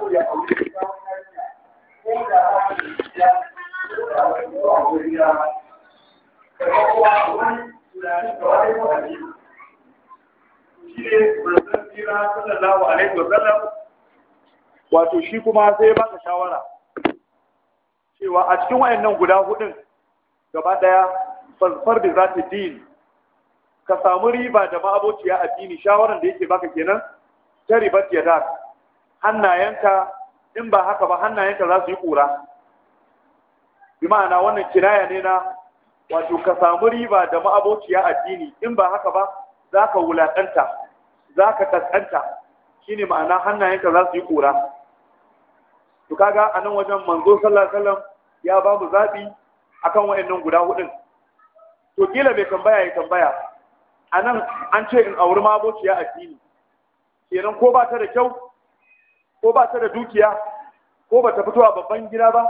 kuma wato shi kuma sai baka shawara cewa a cikin wayannan guda hudun gaba daya fasfar da za ta din ka samu riba da ma'abociya addini shawaran da yake baka kenan ta ribar ya hannayenka in ba haka ba hannayenka za su yi ƙura bi ma'ana wannan kiraya ne na wato ka samu riba da ma'abociya addini in ba haka ba za ka wulaƙanta za ka ƙasƙanta shine ma'ana hannayenka za su yi ƙura to kaga a nan wajen manzo sallallahu alaihi ya ba mu zaɓi kan wa'annan guda hudun to kila bai tambaya ya tambaya a nan an ce in auri mabociya addini kenan ko ba ta da kyau ko ba ta da dukiya ko ba ta fito a babban gida ba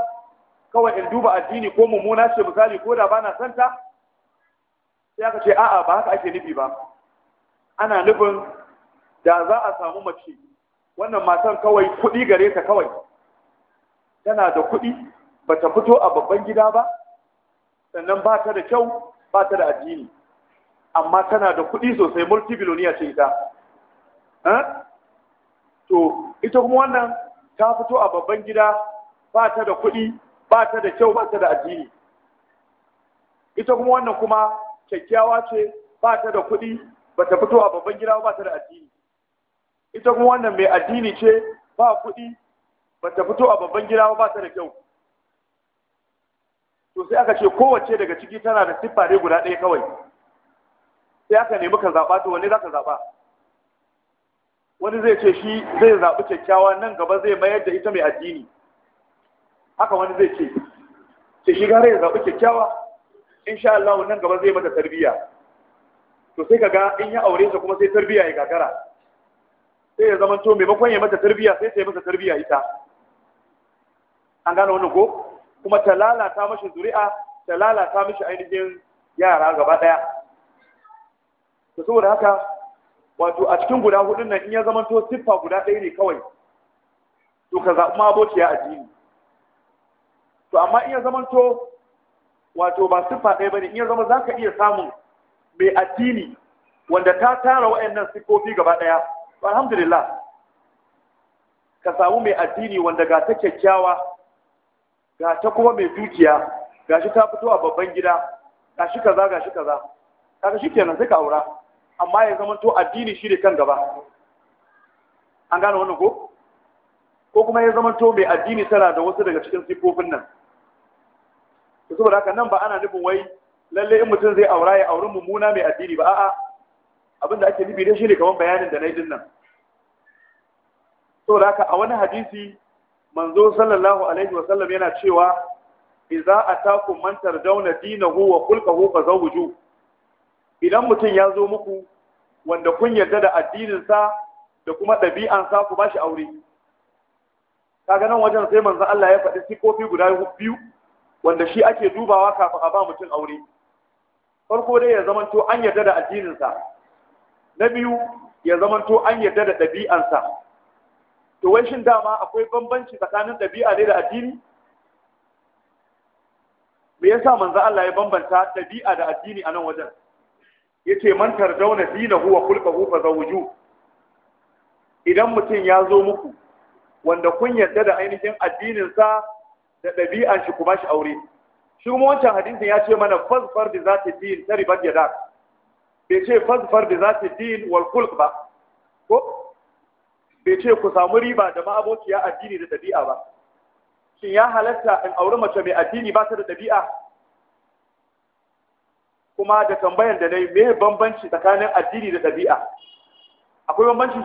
kawai in duba addini ko mummuna ce misali ko da bana santa sai aka ce a'a ba haka ake nufi ba ana nufin da za a samu mace wannan matan kawai kuɗi gare ta kawai tana da kuɗi ba ta fito a babban gida ba sannan ba ta da kyau ba ta da addini amma tana da kuɗi sosai multi biloniya ce ita to ita kuma wannan ta fito a babban gida ba ta da kuɗi ba ta da kyau ba ta da addini ita kuma wannan kuma kyakkyawa ce ba ta da kuɗi ba ta fito a babban gida ba ta da addini ita kuma wannan mai addini ce ba kuɗi ba ta fito a babban gida ba ta da kyau to sai aka ce kowace daga ciki tana da siffa guda ɗaya kawai sai aka nemi ka zaɓa to wanne za ka zaɓa wani zai ce shi zai zaɓi kyakkyawa nan gaba zai mayar da ita mai addini haka wani zai ce ce shi gara ya zaɓi kyakkyawa sha Allah nan gaba zai mata tarbiyya to sai kaga in ya aure ta kuma sai tarbiyya ya gagara sai ya zama to maimakon ya mata tarbiyya sai ta yi mata tarbiyya ita an gane wani ko kuma ta lalata mashi zuri'a ta lalata mashi ainihin yara gaba ɗaya to saboda haka wato a cikin guda hudun nan in ya zama to siffa guda ɗaya ne kawai to ka zaɓi ma a addini to amma in ya zama to wato ba siffa ɗaya bane in ya zama zaka iya samun mai addini wanda ta tara wa'annan siffofi gaba ɗaya alhamdulillah ka samu mai addini wanda ga ta kyakkyawa ga ta kuma mai dukiya ga shi ta fito a babban gida ga shi kaza ga shi kaza shi kenan sai ka aura amma ya zama to addini shi ne kan gaba an gane wannan ko ko kuma ya zama to mai addini tana da wasu daga cikin siffofin nan to saboda haka nan ba ana nufin wai lalle in mutum zai aura ya auri mummuna mai addini ba a'a abin da ake nufi dai ne kamar bayanin da na yi din saboda haka a wani hadisi manzo sallallahu alaihi wa sallam yana cewa idza atakum man tardawna dinahu wa khulquhu fazawju idan mutum ya zo muku wanda kun yarda da addininsa da kuma ɗabi'ansa ku ba shi aure kaga nan wajen sai manzo Allah ya faɗi sifofi guda biyu wanda shi ake dubawa kafin a ba mutum aure farko dai ya zamanto an yarda da addininsa na biyu ya zamanto an yarda da ɗabi'ansa to wai shin dama akwai bambanci tsakanin ɗabi'a ne da addini me yasa manzo Allah ya bambanta ɗabi'a da addini a nan wajen yace man tardawna dinahu wa khulquhu zawju idan mutum ya zo muku wanda kun yadda da ainihin addinin sa da dabi'an shi kuma shi aure shi kuma wancan hadisin ya ce mana fasfar da za ta din ta ribar yada bai ce fasfar da za ta din wal khulq ba ko bai ce ku samu riba da ma'abociya addini da ɗabi'a ba shin ya halatta in aure mace mai addini ba ta da ɗabi'a kuma da tambayan da na yi me bambanci tsakanin addini da ɗabi'a akwai bambanci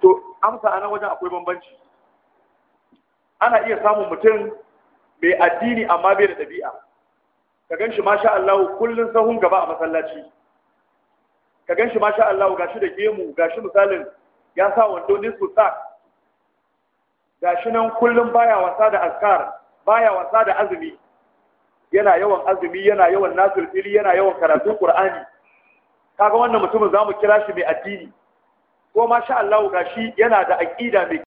to amsa a nan wajen akwai bambanci ana iya samun mutum mai addini amma bai da ɗabi'a ka gan masha Allah kullum sahun gaba a masallaci ka gan shi masha Allah gashi da gemu gashi misalin ya sa wando nisfu sa gashi nan kullum baya wasa da askar baya wasa da azumi yana yawan azumi yana yawan nasir fili yana yawan karatun qur'ani kaga wannan mutumin zamu kira shi mai addini ko ma sha Allah ga shi yana da aqida mai